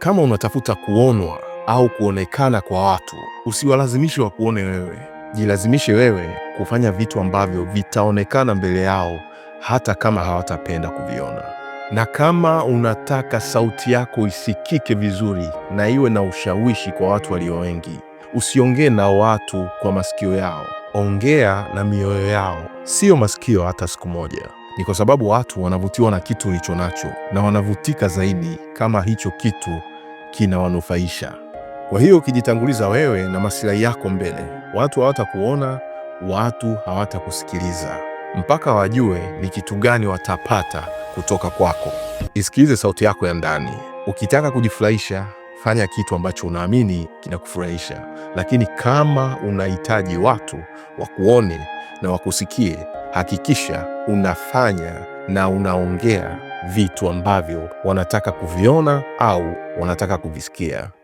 Kama unatafuta kuonwa au kuonekana kwa watu, usiwalazimishe wakuone wewe. Jilazimishe wewe kufanya vitu ambavyo vitaonekana mbele yao, hata kama hawatapenda kuviona. Na kama unataka sauti yako isikike vizuri na iwe na ushawishi kwa watu walio wengi, usiongee na watu kwa masikio yao, ongea na mioyo yao, siyo masikio hata siku moja. Ni kwa sababu watu wanavutiwa na kitu ulicho nacho na wanavutika zaidi kama hicho kitu kinawanufaisha. Kwa hiyo ukijitanguliza wewe na masilahi yako mbele, watu hawatakuona, watu hawatakusikiliza mpaka wajue ni kitu gani watapata kutoka kwako. Isikilize sauti yako ya ndani. Ukitaka kujifurahisha, fanya kitu ambacho unaamini kinakufurahisha, lakini kama unahitaji watu wakuone na wakusikie, hakikisha unafanya na unaongea vitu ambavyo wanataka kuviona au wanataka kuvisikia.